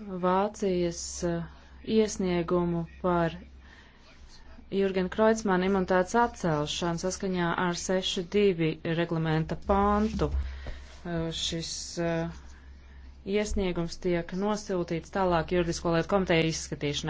Vācijas eh, iesniegumu par Jurgena Kreutzmana imunitātes atcelšanu saskaņā ar 6.2 reglamenta pāntu. Eh, šis eh, iesniegums tiek nosiltīts tālāk juridisko lietu komiteju izskatīšanai.